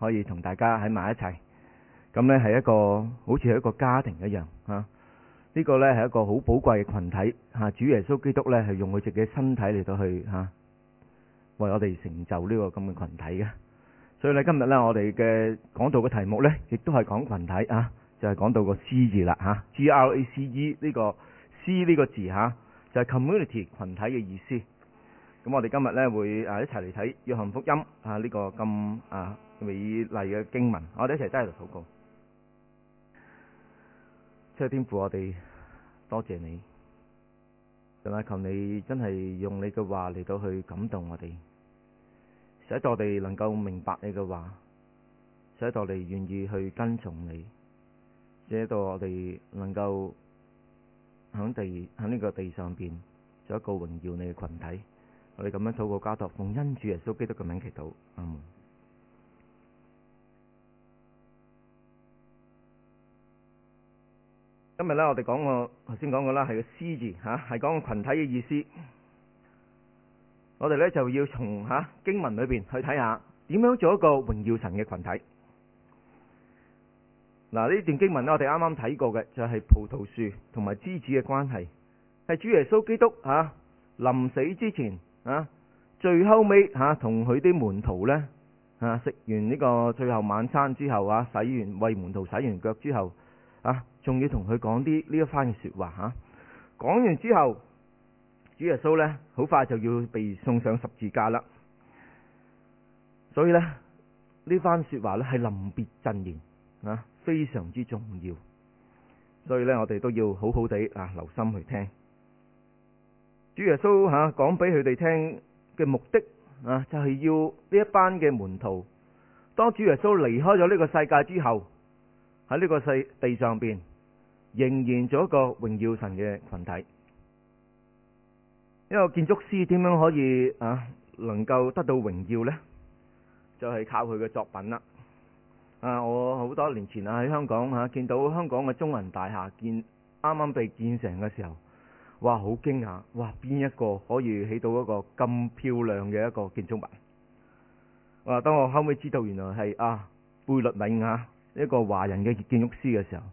可以同大家喺埋一齊，咁呢係一個好似一個家庭一樣啊！呢、這個呢係一個好寶貴嘅群體啊！主耶穌基督呢係用佢自己身體嚟到去吓、啊、為我哋成就呢個咁嘅群體嘅。所以呢，今日呢我哋嘅講道嘅題目呢，亦都係講群體啊，就係、是、講到個 C 字啦吓、啊、G R A C E 呢、這個 C 呢個字吓、啊，就係、是、community 群體嘅意思。咁我哋今日呢會誒一齊嚟睇約翰福音啊，呢、這個咁啊～美麗嘅經文，我哋一齊真係喺度禱告，謝天父我，我哋多謝你，同埋求你真係用你嘅話嚟到去感動我哋，使到我哋能夠明白你嘅話，使到我哋願意去跟從你，使到我哋能夠喺地喺呢個地上邊做一個榮耀你嘅群體，我哋咁樣禱告，加托奉恩主耶穌基督嘅名祈禱，阿、嗯今日咧，我哋講，過講過個頭先、啊、講個啦，係個“枝”字吓，係講個群體嘅意思。我哋咧就要從吓、啊、經文裏邊去睇下，點樣做一個榮耀神嘅群體。嗱、啊，呢段經文呢，我哋啱啱睇過嘅就係、是、葡萄樹同埋枝子嘅關係，係主耶穌基督吓臨、啊、死之前啊，最後尾吓同佢啲門徒呢，啊，食完呢個最後晚餐之後啊，洗完為門徒洗完腳之後啊。啊仲要同佢講啲呢一番嘅說話吓，講、啊、完之後，主耶穌咧好快就要被送上十字架啦。所以呢，呢番說話咧係臨別贈言啊，非常之重要。所以呢，我哋都要好好地啊留心去聽。主耶穌吓講俾佢哋聽嘅目的啊，就係、是、要呢一班嘅門徒，當主耶穌離開咗呢個世界之後，喺呢個世地上邊。仍然做一個榮耀神嘅群體，一個建築師點樣可以啊能夠得到榮耀呢？就係、是、靠佢嘅作品啦。啊，我好多年前啊喺香港嚇、啊、見到香港嘅中銀大廈建啱啱被建成嘅時候，哇好驚訝！哇邊一個可以起到一個咁漂亮嘅一個建築物？啊，當我後尾知道原來係啊貝聿銘啊一個華人嘅建築師嘅時候。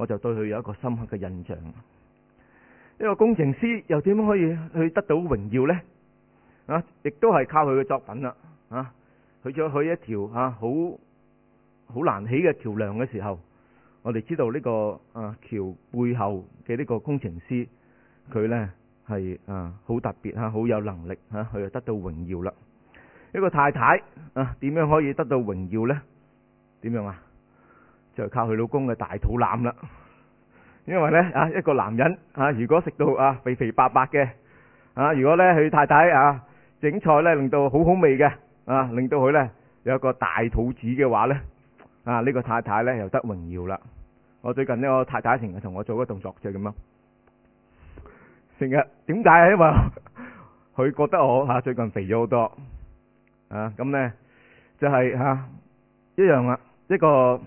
我就對佢有一個深刻嘅印象。呢、呢個工程師又點可以去得到榮耀呢？啊，亦都係靠佢嘅作品啦。啊，去咗去一條啊好好難起嘅橋樑嘅時候，我哋知道呢、呢個啊橋背後嘅呢個工程師，佢呢係啊好特別吓、啊，好有能力吓，佢、啊、又得到榮耀啦。一、呢個太太啊，點樣可以得到榮耀呢？點樣啊？就靠佢老公嘅大肚腩啦，因為呢，啊，一個男人啊，如果食到啊肥肥白白嘅啊，如果呢，佢太太啊整菜呢，令到好好味嘅啊，令到佢呢，有一個大肚子嘅話呢，啊，呢個太太呢，又得榮耀啦。我最近呢，我太太成日同我做嘅動作就係咁樣，成日點解？因為佢覺得我啊最近肥咗好多啊，咁呢就係啊一樣啦，一個。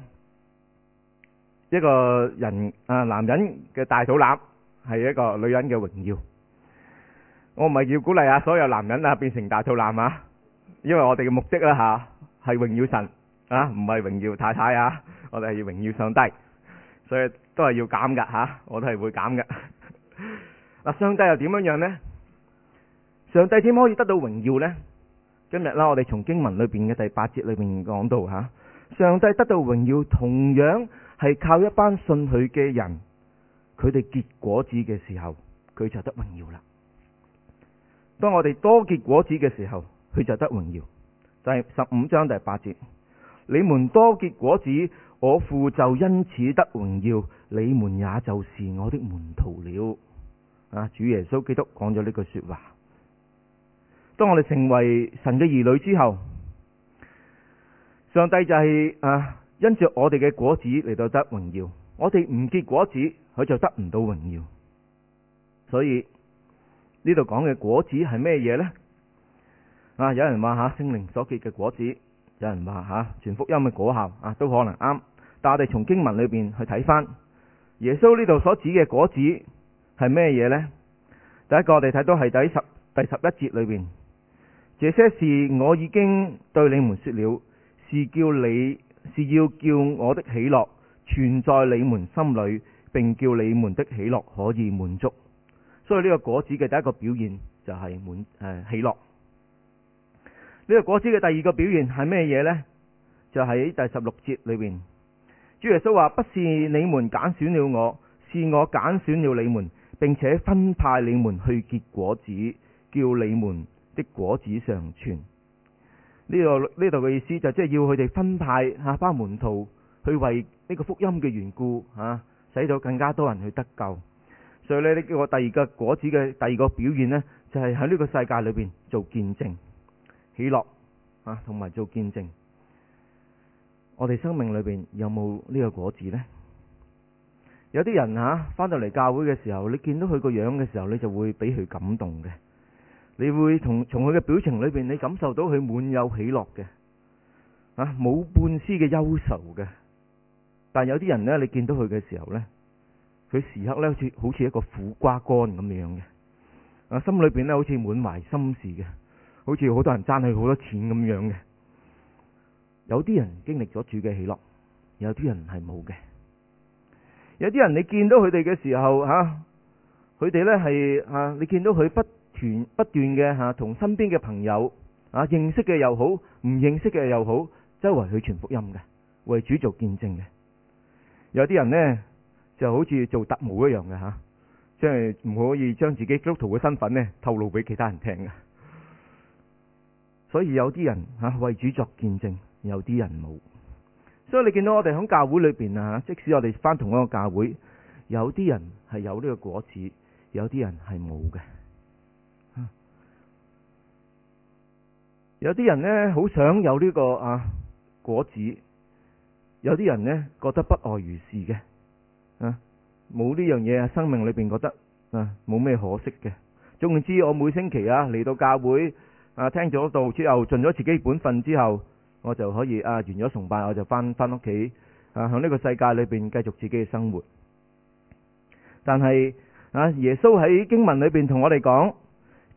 一個人啊，男人嘅大肚腩係一個女人嘅榮耀。我唔係要鼓勵啊，所有男人啊變成大肚腩啊，因為我哋嘅目的啊吓係榮耀神啊，唔係榮耀太太啊。我哋係要榮耀上帝，所以都係要減噶吓，我都係會減嘅嗱。上帝又點樣樣呢？上帝點可以得到榮耀呢？今日啦，我哋從經文裏邊嘅第八節裏邊講到吓，上帝得到榮耀同樣。係靠一班信佢嘅人，佢哋結果子嘅時候，佢就得榮耀啦。當我哋多結果子嘅時候，佢就得榮耀。第十五章第八節：你們多結果子，我父就因此得榮耀，你們也就是我的門徒了。啊，主耶穌基督講咗呢句說話。當我哋成為神嘅兒女之後，上帝就係、是、啊。因着我哋嘅果子嚟到得榮耀，我哋唔結果子，佢就得唔到榮耀。所以呢度講嘅果子係咩嘢呢？啊，有人話吓、啊、聖靈所結嘅果子，有人話吓、啊、全福音嘅果效啊，都可能啱。但係我哋從經文裏邊去睇翻，耶穌呢度所指嘅果子係咩嘢呢？第一個我哋睇到係第十第十一節裏邊，這些事我已經對你們說了，是叫你。是要叫我的喜樂存在你們心裡，並叫你們的喜樂可以滿足。所以呢個果子嘅第一個表現就係滿誒喜樂。呢、這個果子嘅第二個表現係咩嘢呢？就喺、是、第十六節裡面。主耶穌話：不是你們揀選了我，是我揀選了你們，並且分派你們去結果子，叫你們的果子常存。呢度，呢度嘅意思就即係要佢哋分派嚇班，啊、門徒去為呢個福音嘅緣故嚇、啊，使到更加多人去得救。所以呢，呢個第二個果子嘅第二個表現呢，就係喺呢個世界裏邊做見證喜樂嚇，同、啊、埋做見證。我哋生命裏邊有冇呢個果子呢？有啲人嚇，返、啊、到嚟教會嘅時候，你見到佢個樣嘅時候，你就會俾佢感動嘅。你會從從佢嘅表情裏邊，你感受到佢滿有喜樂嘅，啊，冇半絲嘅憂愁嘅。但有啲人呢，你見到佢嘅時候呢，佢時刻呢好似好似一個苦瓜乾咁樣嘅，啊，心裏邊呢好似滿懷心事嘅，好似好多人爭佢好多錢咁樣嘅。有啲人經歷咗主嘅喜樂，有啲人係冇嘅。有啲人你見到佢哋嘅時候，吓，佢哋呢係吓，你見到佢、啊啊、不。不斷嘅，吓，同身邊嘅朋友啊，認識嘅又好，唔認識嘅又好，周圍去傳福音嘅，為主做見證嘅。有啲人呢就好似做特務一樣嘅吓，即係唔可以將自己基督徒嘅身份咧透露俾其他人聽嘅。所以有啲人吓，啊，為主作見證，有啲人冇。所以你見到我哋響教會裏邊啊，即使我哋翻同一個教會，有啲人係有呢個果子，有啲人係冇嘅。有啲人呢，好想有呢個啊果子，有啲人呢，覺得不外如是嘅，啊冇呢樣嘢，生命裏邊覺得啊冇咩可惜嘅。總之，我每星期啊嚟到教會啊聽咗道之後，盡咗自己本分之後，我就可以啊完咗崇拜，我就翻翻屋企啊喺呢個世界裏邊繼續自己嘅生活。但係啊，耶穌喺經文裏邊同我哋講，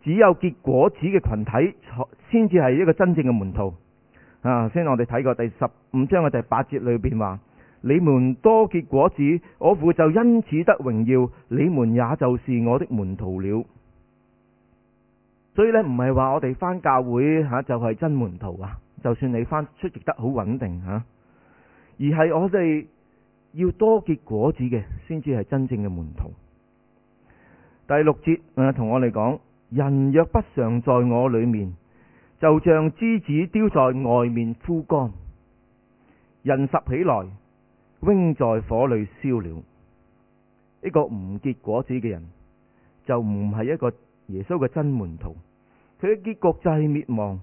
只有結果子嘅群體才。先至係一個真正嘅門徒啊！先我哋睇過第十五章嘅第八節裏邊話，你們多結果子，我父就因此得榮耀，你們也就是我的門徒了。所以呢，唔係話我哋返教會吓就係真門徒啊！就算你翻出席得好穩定吓，啊，而係我哋要多結果子嘅，先至係真正嘅門徒。第六節啊，同我哋講：人若不常在我裏面。就像枝子丟在外面枯乾，人拾起來扔在火裏燒了。呢個唔結果子嘅人，就唔係一個耶穌嘅真門徒。佢嘅結局就係滅亡，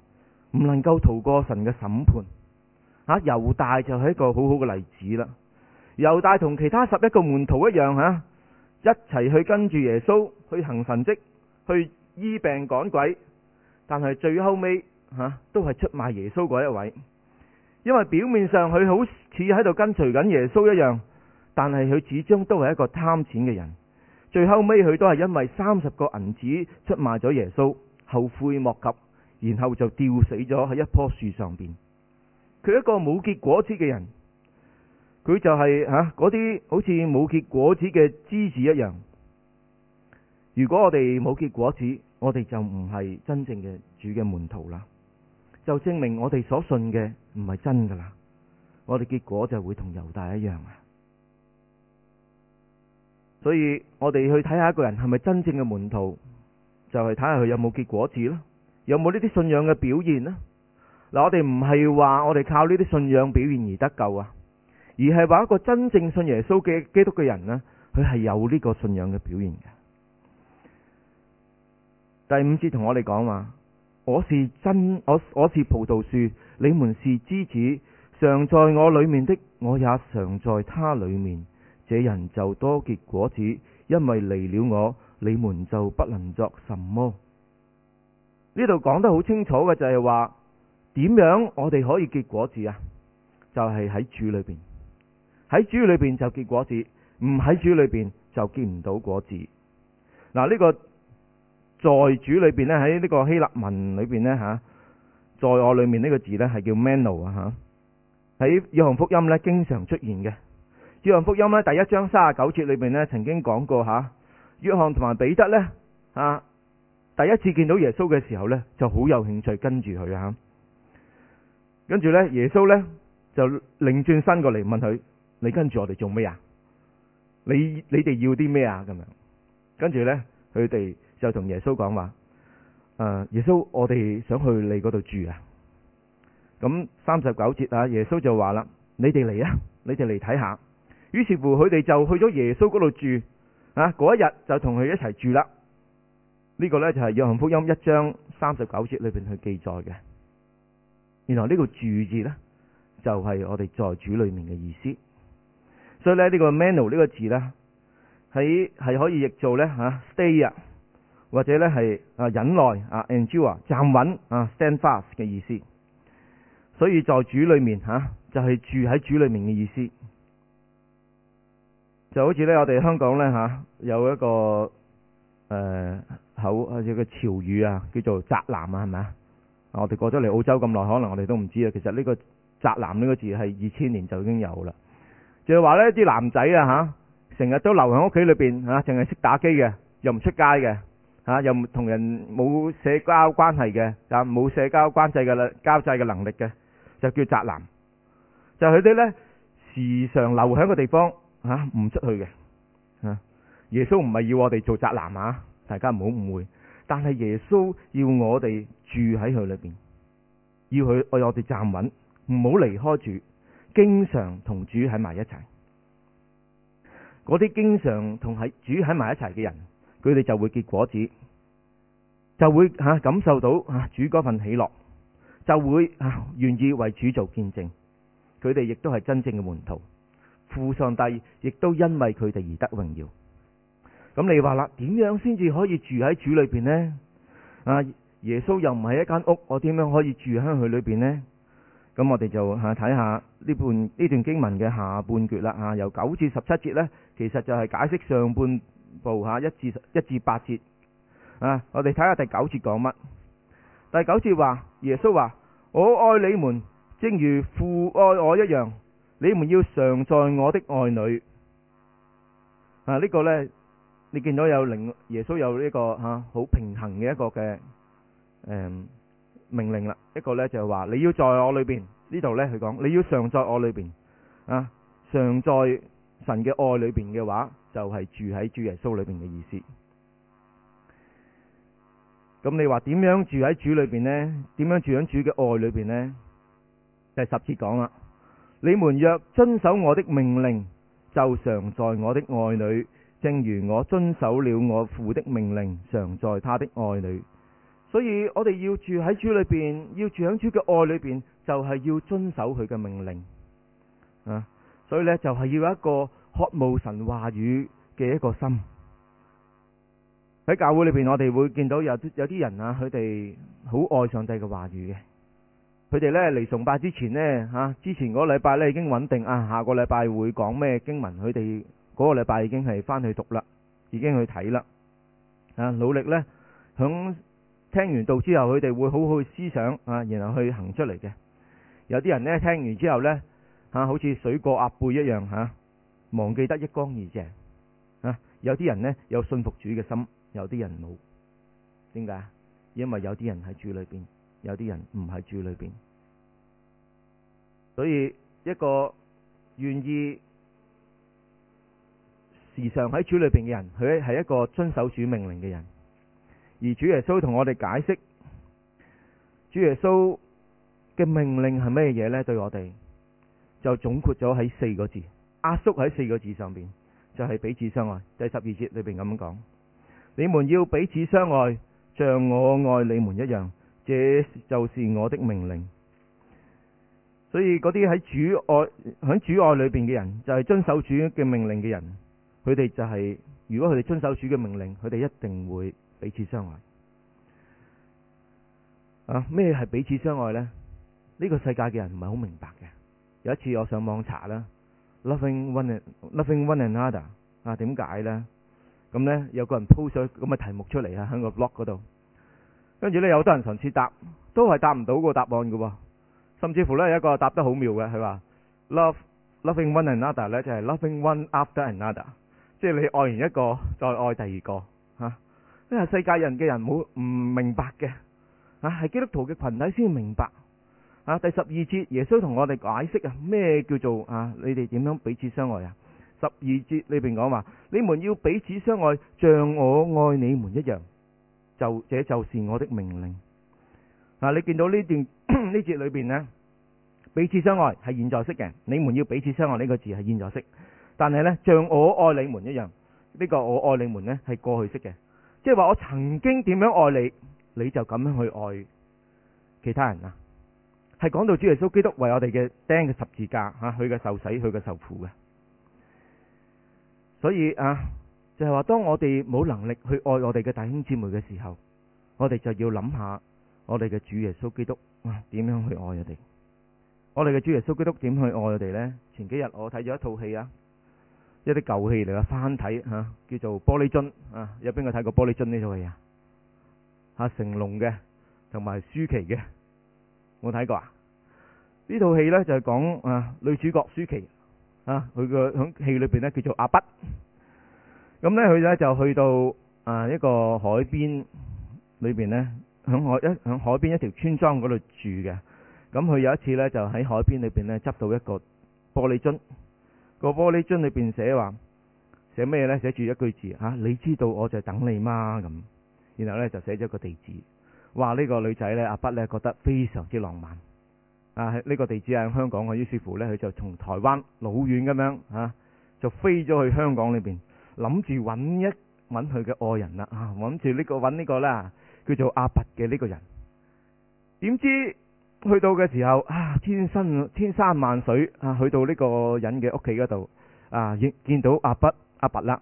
唔能夠逃過神嘅審判。啊，猶大就係一個好好嘅例子啦。猶大同其他十一個門徒一樣，吓一齊去跟住耶穌去行神蹟，去醫病趕鬼。但係最後尾吓、啊、都係出賣耶穌嗰一位，因為表面上佢好似喺度跟隨緊耶穌一樣，但係佢始終都係一個貪錢嘅人。最後尾佢都係因為三十個銀子出賣咗耶穌，後悔莫及，然後就吊死咗喺一棵樹上邊。佢一個冇結果子嘅人，佢就係吓嗰啲好似冇結果子嘅枝子一樣。如果我哋冇結果子。我哋就唔係真正嘅主嘅門徒啦，就證明我哋所信嘅唔係真噶啦，我哋結果就會同猶大一樣啊！所以我哋去睇下一個人係咪真正嘅門徒，就係睇下佢有冇結果子咯，有冇呢啲信仰嘅表現咧？嗱，我哋唔係話我哋靠呢啲信仰表現而得救啊，而係話一個真正信耶穌嘅基督嘅人咧，佢係有呢個信仰嘅表現嘅。第五節同我哋講話，我是真我，我是葡萄樹，你們是枝子，常在我裏面的，我也常在他裏面。這人就多結果子，因為離了我，你們就不能作什麼。呢度講得好清楚嘅就係話，點樣我哋可以結果子啊？就係、是、喺主裏邊，喺主裏邊就結果子，唔喺主裏邊就結唔到果子。嗱、這、呢個。在主裏邊呢，喺呢個希臘文裏邊呢，吓，在我裏面呢個字呢，係叫 meno 啊吓，喺約翰福音呢，經常出現嘅。約翰福音呢，第一章三十九節裏面呢，曾經講過吓，約翰同埋彼得呢，啊第一次見到耶穌嘅時候呢，就好有興趣跟住佢啊，跟住呢，耶穌呢，就擰轉身過嚟問佢：你跟住我哋做咩啊？你你哋要啲咩啊？咁樣，跟住呢，佢哋。就同耶穌講話，誒、啊，耶穌，我哋想去你嗰度住啊。咁三十九節啊，耶穌就話啦：你哋嚟啊，你哋嚟睇下。於是乎，佢哋就去咗耶穌嗰度住啊。嗰一日就同佢一齊住啦。呢、這個呢，就係約翰福音一章三十九節裏邊去記載嘅。原來呢個住字呢，就係、是、我哋在主裏面嘅意思，所以呢，呢、這個 menu 呢個字呢，喺係可以譯做呢「吓 stay 啊。Stay 或者咧係啊忍耐啊，enjoy 站穩啊，stand fast 嘅意思。所以在主裏面嚇、啊、就係、是、住喺主裏面嘅意思。就好似咧，我哋香港咧嚇、啊、有一個誒、呃、口，或者個潮語啊，叫做宅男啊，係咪啊？我哋過咗嚟澳洲咁耐，可能我哋都唔知啊。其實呢、呢個宅男呢、呢個字係二千年就已經有啦，就係、是、話呢啲男仔啊嚇，成、啊、日都留喺屋企裏邊嚇，淨係識打機嘅，又唔出街嘅。吓、啊、又同人冇社交關係嘅，吓冇社交關交際嘅交際嘅能力嘅，就叫宅男。就佢、是、哋呢時常留喺個地方，吓、啊、唔出去嘅。啊，耶穌唔係要我哋做宅男啊，大家唔好誤會。但係耶穌要我哋住喺佢裏邊，要佢我哋站穩，唔好離開住，經常同主喺埋一齊。嗰啲經常同喺主喺埋一齊嘅人，佢哋就會結果子，就會吓感受到啊主嗰份喜樂，就會啊願意為主做見證。佢哋亦都係真正嘅門徒，父上帝亦都因為佢哋而得榮耀。咁你話啦，點樣先至可以住喺主裏邊呢？啊，耶穌又唔係一間屋，我點樣可以住喺佢裏邊呢？咁我哋就吓睇下呢半呢段經文嘅下半段啦。吓由九至十七節呢，其實就係解釋上半。讀下一至一至八節啊！我哋睇下第九節講乜？第九節話耶穌話：我愛你們，正如父愛我一樣。你們要常在我的愛裏。啊！呢、這個呢，你見到有靈耶穌有呢個吓好、啊、平衡嘅一個嘅、嗯、命令啦。一個呢，就係、是、話你要在我裏邊呢度呢，佢講你要常在我裏邊啊！常在神嘅愛裏邊嘅話。就係住喺主耶穌裏邊嘅意思。咁你話點樣住喺主裏邊呢？點樣住響主嘅愛裏邊呢？第十節講啦。你們若遵守我的命令，就常在我的愛裏，正如我遵守了我父的命令，常在他的愛裏。所以我哋要住喺主裏邊，要住響主嘅愛裏邊，就係要遵守佢嘅命令。啊，所以呢，就係要一個。渴慕神話語嘅一個心。喺教會裏邊，我哋會見到有有啲人啊，佢哋好愛上帝嘅話語嘅。佢哋呢，嚟崇拜之前呢，吓、啊、之前嗰禮拜呢已經穩定啊，下個禮拜會講咩經文，佢哋嗰個禮拜已經係翻去讀啦，已經去睇啦啊，努力呢，響聽完道之後，佢哋會好好思想啊，然後去行出嚟嘅。有啲人呢，聽完之後呢，吓、啊、好似水過鴨背一樣吓。啊忘記得一乾二淨啊！有啲人呢，有信服主嘅心，有啲人冇。點解？因為有啲人喺主裏邊，有啲人唔喺主裏邊。所以一個願意時常喺主裏邊嘅人，佢係一個遵守主命令嘅人。而主耶穌同我哋解釋主耶穌嘅命令係咩嘢呢？對我哋就總括咗喺四個字。阿叔喺四個字上邊，就係、是、彼此相愛。第十二節裏邊咁樣講：你們要彼此相愛，像我愛你們一樣，這就是我的命令。所以嗰啲喺主愛、響主愛裏邊嘅人，就係、是、遵守主嘅命令嘅人。佢哋就係、是、如果佢哋遵守主嘅命令，佢哋一定會彼此相愛。啊，咩係彼此相愛咧？呢、這個世界嘅人唔係好明白嘅。有一次我上網查啦。Loving one loving one another 啊？點解呢？咁呢，有個人 post 咗咁嘅題目出嚟啊，喺個 blog 嗰度。跟住呢，有好多人嘗試答，都係答唔到個答案嘅喎、哦。甚至乎呢，有一個答得好妙嘅，係話：Love loving one another 呢，就係 loving one after another，即係你愛完一個再愛第二個嚇。因、啊、為世界人嘅人冇唔明白嘅，啊係基督徒嘅群體先明白。啊！第十二節，耶穌同我哋解釋啊，咩叫做啊？你哋點樣彼此相愛啊？十二節裏邊講話，你們要彼此相愛，像我愛你們一樣，就這就是我的命令。啊！你見到呢段呢 節裏邊呢，彼此相愛係現在式嘅，你們要彼此相愛呢個字係現在式，但係呢，像我愛你們一樣呢，呢個我愛你們呢係過去式嘅，即係話我曾經點樣愛你，你就咁樣去愛其他人啊。係講到主耶穌基督為我哋嘅釘嘅十字架，吓佢嘅受死，佢嘅受苦嘅。所以啊，就係話當我哋冇能力去愛我哋嘅弟兄姊妹嘅時候，我哋就要諗下我哋嘅主耶穌基督啊點樣去愛我哋。我哋嘅主耶穌基督點去愛我哋呢？前幾日我睇咗一套戲啊，一啲舊戲嚟嘅，翻睇吓啊，叫做《玻璃樽》啊。有邊個睇過《玻璃樽》呢套戲啊？阿成龍嘅同埋舒淇嘅，冇睇過啊。呢套戲呢，就係講啊女主角舒淇啊，佢個響戲裏邊呢叫做阿筆，咁呢，佢、啊、呢就去到啊一個海邊裏邊呢，響海一響海邊一條村莊嗰度住嘅，咁、啊、佢有一次呢，就喺海邊裏邊呢執到一個玻璃樽，個玻璃樽裏邊寫話寫咩呢？寫住一句字吓、啊，你知道我在等你嗎？咁，然後呢，就寫咗個地址，哇！呢、這個女仔呢，阿筆呢覺得非常之浪漫。啊，呢、這個地址喺香港嘅，於是乎呢，佢就從台灣老遠咁樣嚇、啊，就飛咗去香港裏邊，諗住揾一揾佢嘅愛人啦，啊，諗住、這個、呢個揾呢個啦，叫做阿伯嘅呢個人。點知去到嘅時候啊，千山千山萬水啊，去到呢個人嘅屋企嗰度啊，見見到阿伯阿伯啦，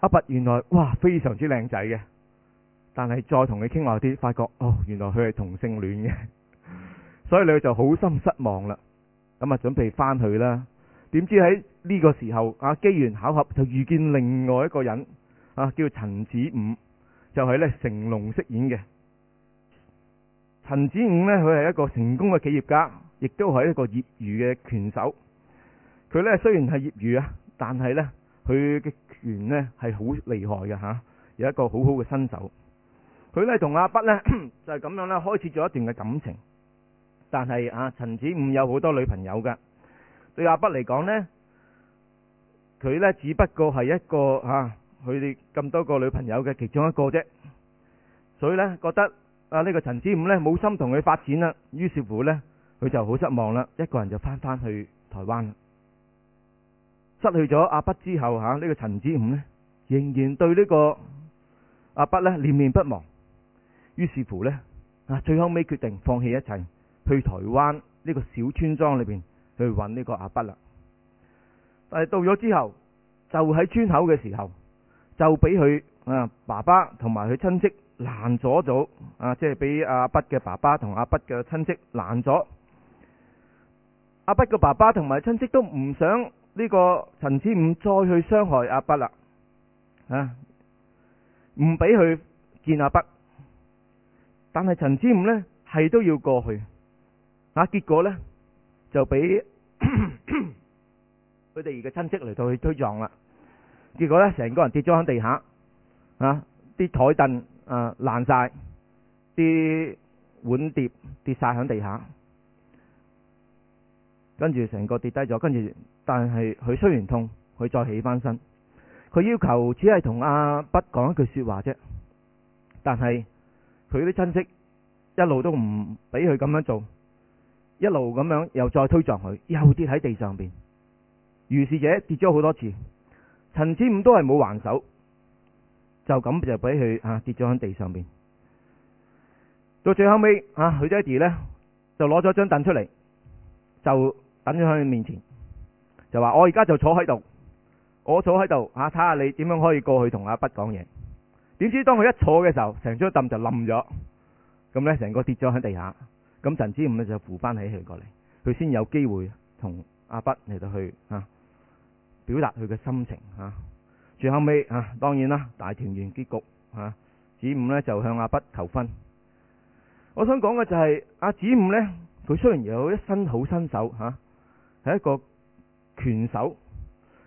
阿伯原來哇非常之靚仔嘅，但係再同佢傾話啲，發覺哦原來佢係同性戀嘅。所以你就好心失望啦，咁啊，準備返去啦。點知喺呢個時候啊，機緣巧合就遇見另外一個人啊，叫陳子午，就係、是、呢成龍飾演嘅陳子午呢，佢係一個成功嘅企業家，亦都係一個業餘嘅拳手。佢呢雖然係業餘啊，但係呢佢嘅拳呢係好厲害嘅吓、啊，有一個好好嘅身手。佢呢同阿畢呢 就係、是、咁樣咧，開始咗一段嘅感情。但係啊，陳子午有好多女朋友㗎。對阿畢嚟講呢，佢呢只不過係一個啊，佢哋咁多個女朋友嘅其中一個啫。所以呢，覺得啊，呢個陳子午呢冇心同佢發展啦。於是乎呢，佢就好失望啦，一個人就翻返去台灣。失去咗阿畢之後嚇，啊，呢個陳子午呢仍然對呢個阿畢呢念念不忘。於是乎呢，啊，最後尾決定放棄一切。去台灣呢個小村莊裏邊去揾呢個阿畢啦，但係到咗之後就喺村口嘅時候就俾佢啊爸爸同埋佢親戚攔咗咗啊，即係俾阿畢嘅爸爸同阿畢嘅親戚攔咗，阿畢嘅爸爸同埋親戚都唔想呢個陳子午再去傷害阿畢啦，啊唔俾佢見阿畢，但係陳子午呢係都要過去。啊！結果呢，就俾佢哋嘅個親戚嚟到去推撞啦。結果呢，成個人跌咗喺地下，啊！啲台凳啊爛晒，啲碗碟跌晒喺地下，跟住成個跌低咗。跟住，但係佢雖然痛，佢再起翻身。佢要求只係同阿畢講一句説話啫。但係佢啲親戚一路都唔俾佢咁樣做。一路咁樣，又再推撞佢，又跌喺地上邊。於是者，跌咗好多次，陳子午都係冇還手，就咁就俾佢吓跌咗喺地上邊。到最後尾，啊，佢爹哋呢就攞咗張凳出嚟，就等咗喺佢面前，就話我而家就坐喺度，我坐喺度吓，啊、睇下你點樣可以過去同阿畢講嘢。點知當佢一坐嘅時候，成張凳就冧咗，咁呢成個跌咗喺地下。咁陳子午咧就扶翻起佢過嚟，佢先有機會同阿畢嚟到去啊，表達佢嘅心情嚇、啊。最後尾啊，當然啦，大團圓結局嚇。子、啊、午呢，就向阿畢求婚。我想講嘅就係阿子午呢，佢雖然有一身好身手嚇，係、啊、一個拳手，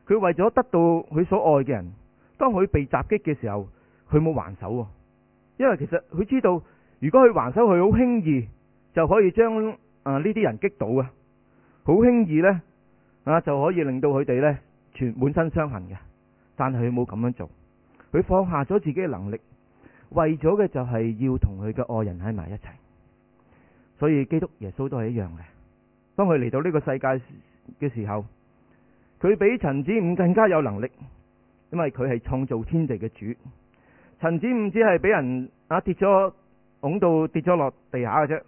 佢為咗得到佢所愛嘅人，當佢被襲擊嘅時候，佢冇還手喎，因為其實佢知道，如果佢還手，佢好輕易，就可以將啊呢啲人擊倒啊，好輕易呢，啊就可以令到佢哋呢，全滿身傷痕嘅。但係佢冇咁樣做，佢放下咗自己嘅能力，為咗嘅就係要同佢嘅愛人喺埋一齊。所以基督耶穌都係一樣嘅。當佢嚟到呢個世界嘅時候，佢比陳子午更加有能力，因為佢係創造天地嘅主。陳子午只係俾人啊跌咗，拱到跌咗落地下嘅啫。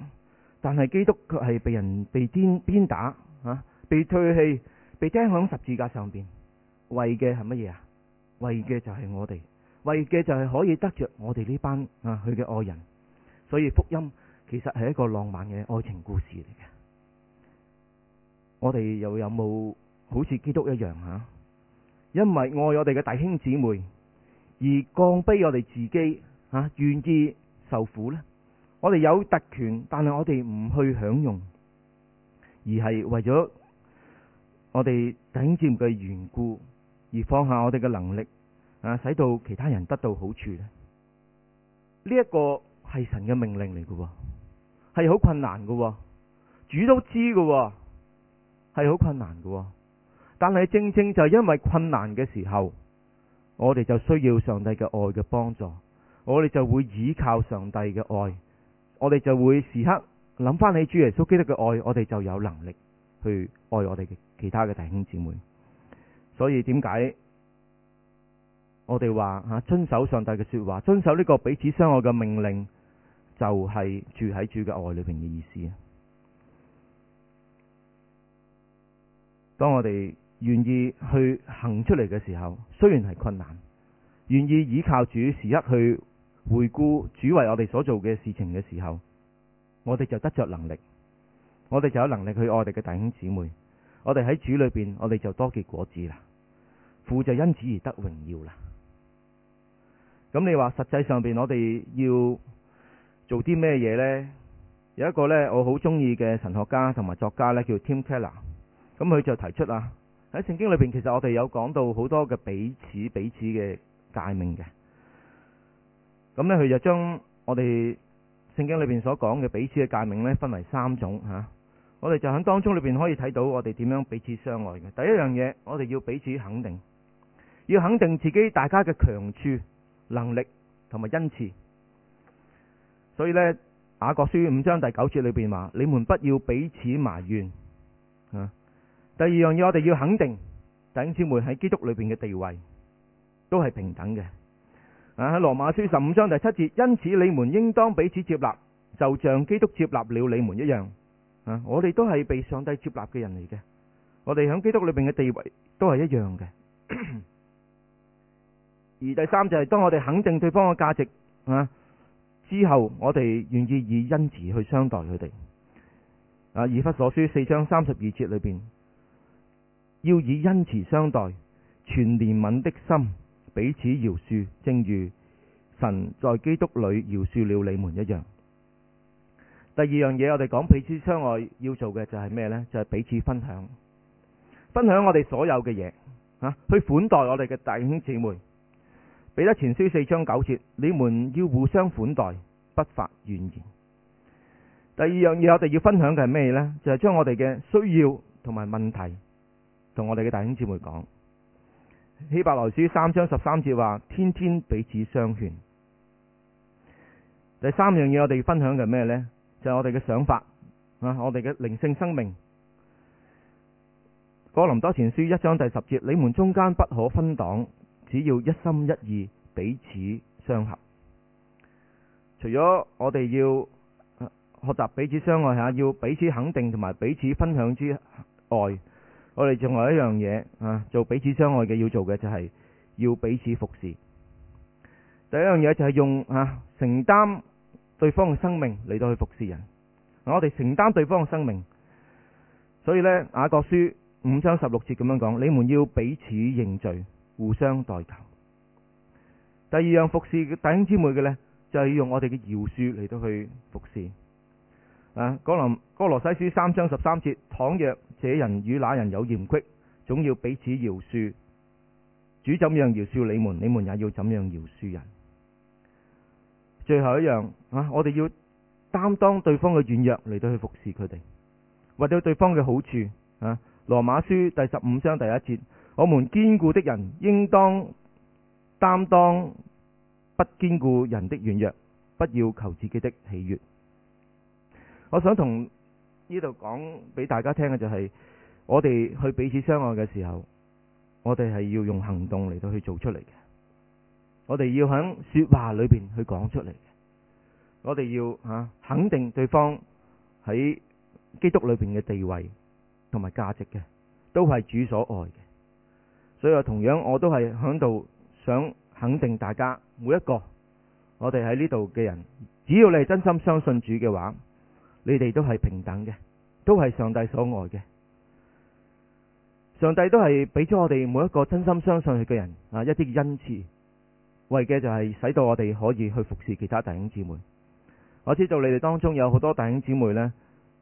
但係基督卻係被人被鞭鞭打啊，被唾棄，被釘響十字架上邊，為嘅係乜嘢啊？為嘅就係我哋，為嘅就係可以得着我哋呢班啊佢嘅愛人。所以福音其實係一個浪漫嘅愛情故事嚟嘅。我哋又有冇好似基督一樣啊？因為愛我哋嘅弟兄姊妹而降卑我哋自己啊，願意受苦呢。我哋有特權，但係我哋唔去享用，而係為咗我哋頂佔嘅緣故而放下我哋嘅能力，啊，使到其他人得到好處咧。呢、呢、一個係神嘅命令嚟嘅，係好困難嘅，主都知嘅，係好困難嘅。但係正正就係因為困難嘅時候，我哋就需要上帝嘅愛嘅幫助，我哋就會倚靠上帝嘅愛。我哋就會時刻諗翻起主耶穌基督嘅愛，我哋就有能力去愛我哋嘅其他嘅弟兄姊妹。所以點解我哋話吓遵守上帝嘅說話，遵守呢個彼此相愛嘅命令，就係、是、住喺主嘅愛裏邊嘅意思。當我哋願意去行出嚟嘅時候，雖然係困難，願意依靠主，時刻去回顧主為我哋所做嘅事情嘅時候，我哋就得着能力，我哋就有能力去愛我哋嘅弟兄姊妹，我哋喺主裏邊，我哋就多結果子啦，父就因此而得榮耀啦。咁你話實際上邊我哋要做啲咩嘢呢？有一個呢，我好中意嘅神學家同埋作家呢叫 Tim Keller，咁佢就提出啦，喺聖經裏邊，其實我哋有講到好多嘅彼此彼此嘅誡命嘅。咁呢，佢、嗯、就將我哋聖經裏邊所講嘅彼此嘅誡命呢，分為三種嚇、啊。我哋就喺當中裏邊可以睇到我哋點樣彼此相愛嘅。第一樣嘢，我哋要彼此肯定，要肯定自己大家嘅強處、能力同埋恩賜。所以呢，雅各書五章第九節裏邊話：「你們不要彼此埋怨。啊、第二樣嘢，我哋要肯定弟兄姊妹喺基督裏邊嘅地位，都係平等嘅。啊！喺羅馬書十五章第七節，因此你們應當彼此接納，就像基督接納了你們一樣。啊，我哋都係被上帝接納嘅人嚟嘅，我哋喺基督裏邊嘅地位都係一樣嘅。 而第三就係、是、當我哋肯定對方嘅價值啊之後，我哋願意以恩慈去相待佢哋。啊，以弗所書四章三十二節裏邊，要以恩慈相待，存憐憫的心。彼此饒恕，正如神在基督裏饒恕了你們一樣。第二樣嘢，我哋講彼此相愛要做嘅就係咩呢？就係、是、彼此分享，分享我哋所有嘅嘢，吓、啊、去款待我哋嘅弟兄姊，姊妹。彼得前書四章九節：你們要互相款待，不發怨言，言。第二樣嘢，我哋要分享嘅係咩呢？就係、是、將我哋嘅需要同埋問題，同我哋嘅弟兄姊妹講。希伯來書三章十三節話：天天彼此相勸。第三樣嘢我哋分享嘅咩呢？就係、是、我哋嘅想法啊！我哋嘅靈性生命。哥林多前書一章第十節：你們中間不可分黨，只要一心一意彼此相合。除咗我哋要學習彼此相愛吓，要彼此肯定同埋彼此分享之外，我哋仲有一樣嘢啊，做彼此相愛嘅要做嘅就係要彼此服侍。第一樣嘢就係用嚇、啊、承擔對方嘅生命嚟到去服侍人。啊、我哋承擔對方嘅生命，所以呢，雅各書五章十六節咁樣講：你們要彼此認罪，互相代求。第二樣服侍弟兄姊妹嘅呢，就係、要、用我哋嘅饒恕嚟到去服侍。啊，哥林哥羅西書三章十三節：倘若這人與那人有嫌隙，總要彼此饒恕。主怎樣饒恕你們，你們也要怎樣饒恕人。最後一樣啊，我哋要擔當對方嘅軟弱嚟到去服侍佢哋，或者對方嘅好處啊。羅馬書第十五章第一節：我們堅固的人，應當擔當不堅固人的軟弱，不要求自己的喜悦。我想同，呢度講俾大家聽嘅就係，我哋去彼此相愛嘅時候，我哋係要用行動嚟到去做出嚟嘅，我哋要喺說話裏邊去講出嚟嘅，我哋要吓肯定對方喺基督裏邊嘅地位同埋價值嘅，都係主所愛嘅，所以啊，同樣我都係響度想肯定大家每一個，我哋喺呢度嘅人，只要你係真心相信主嘅話。你哋都係平等嘅，都係上帝所愛嘅。上帝都係俾咗我哋每一個真心相信佢嘅人啊，一啲恩賜，為嘅就係使到我哋可以去服侍其他弟兄姊妹。我知道你哋當中有好多弟兄姊妹呢，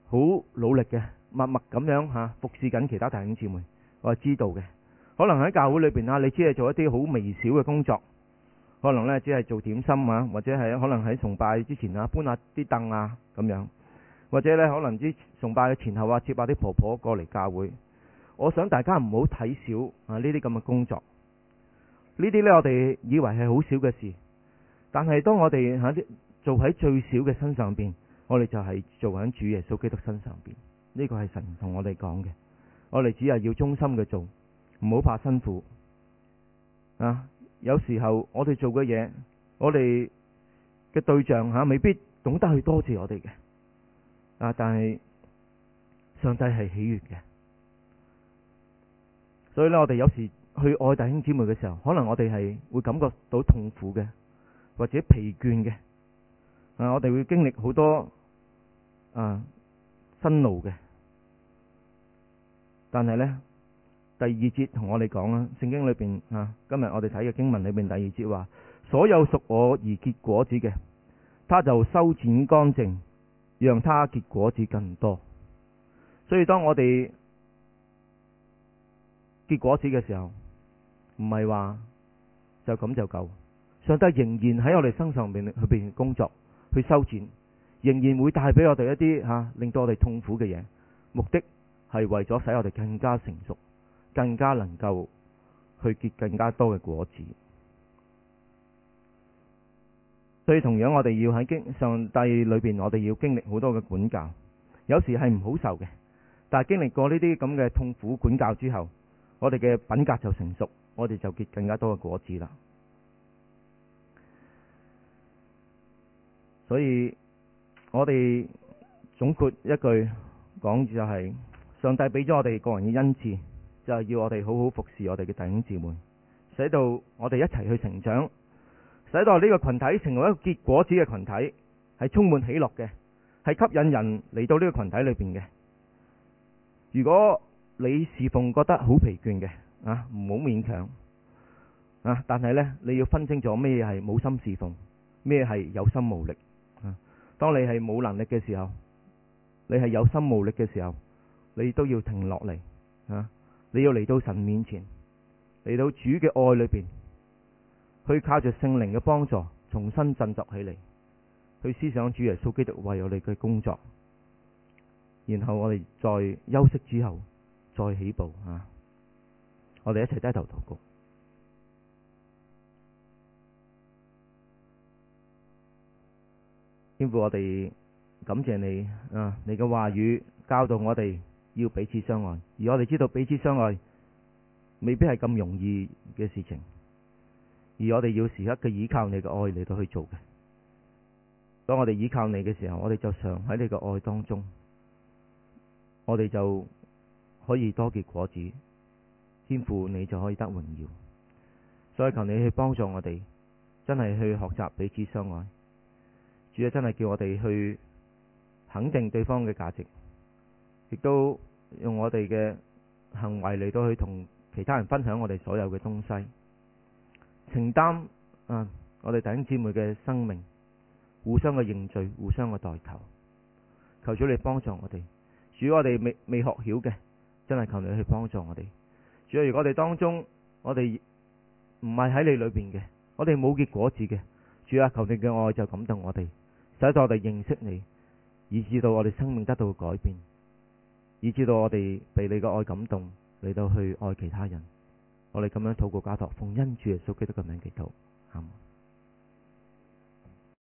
好努力嘅，默默咁樣吓服侍緊其他弟兄姊妹，我係知道嘅。可能喺教會裏邊啊，你只係做一啲好微小嘅工作，可能呢，只係做點心啊，或者係可能喺崇拜之前啊，搬下啲凳啊咁樣。或者咧，可能啲崇拜嘅前後啊，接下啲婆婆過嚟教會。我想大家唔好睇小啊呢啲咁嘅工作。呢啲呢，我哋以為係好少嘅事，但係當我哋吓做喺最少嘅身上邊，我哋就係做喺主耶穌基督身上邊。呢個係神同我哋講嘅，我哋只係要忠心嘅做，唔好怕辛苦。啊，有時候我哋做嘅嘢，我哋嘅對象吓未必懂得去多謝我哋嘅。啊！但係上帝係喜悦嘅，所以咧，我哋有時去愛弟兄姊妹嘅時候，可能我哋係會感覺到痛苦嘅，或者疲倦嘅。啊，我哋會經歷好多啊辛勞嘅，但係呢，第二節同我哋講啦，聖經裏邊啊，今日我哋睇嘅經文裏邊第二節話，所有屬我而結果子嘅，他就修剪乾淨。讓他結果子更多。所以當我哋結果子嘅時候，唔係話就咁就夠，上帝仍然喺我哋身上面去變工作，去修剪，仍然會帶俾我哋一啲吓、啊、令到我哋痛苦嘅嘢，目的係為咗使我哋更加成熟，更加能夠去結更加多嘅果子。所以同樣，我哋要喺經上帝裏邊，我哋要經歷好多嘅管教，有時係唔好受嘅。但係經歷過呢啲咁嘅痛苦管教之後，我哋嘅品格就成熟，我哋就結更加多嘅果子啦。所以我哋總括一句講就係：上帝俾咗我哋個人嘅恩賜，就係要我哋好好服侍我哋嘅弟兄姊妹，使到我哋一齊去成長。使到呢個群體成為一個結果子嘅群體，係充滿喜樂嘅，係吸引人嚟到呢個群體裏邊嘅。如果你侍奉覺得好疲倦嘅，啊，唔好勉強，啊，但係呢，你要分清楚咩係冇心侍奉，咩係有心無力。啊，當你係冇能力嘅時候，你係有心無力嘅時候，你都要停落嚟，啊，你要嚟到神面前，嚟到主嘅愛裏邊。佢靠著聖靈嘅幫助，重新振作起嚟，佢思想主耶穌基督為我哋嘅工作，然後我哋再休息之後再起步啊！我哋一齊低頭禱告，天父，我哋感謝你啊！你嘅話語教導我哋要彼此相愛，而我哋知道彼此相愛未必係咁容易嘅事情。而我哋要時刻嘅依靠你嘅愛嚟到去做嘅。當我哋依靠你嘅時候，我哋就常喺你嘅愛當中，我哋就可以多結果子，天父你就可以得榮耀。所以求你去幫助我哋，真係去學習彼此相愛。主啊，真係叫我哋去肯定對方嘅價值，亦都用我哋嘅行為嚟到去同其他人分享我哋所有嘅東西。承擔，嗯，我哋弟兄姊妹嘅生命，互相嘅認罪，互相嘅代求，求主你幫助我哋。主，我，我哋未未學曉嘅，真係求你去幫助我哋。主啊，如果我哋當中，我哋唔係喺你裏邊嘅，我哋冇結果子嘅，主啊，求你嘅愛就感動我哋，使到我哋認識你，以致到我哋生命得到改變，以致到我哋被你嘅愛感動，嚟到去愛其他人。我哋咁樣禱告家徒，奉恩主耶穌基督嘅名祈禱，好。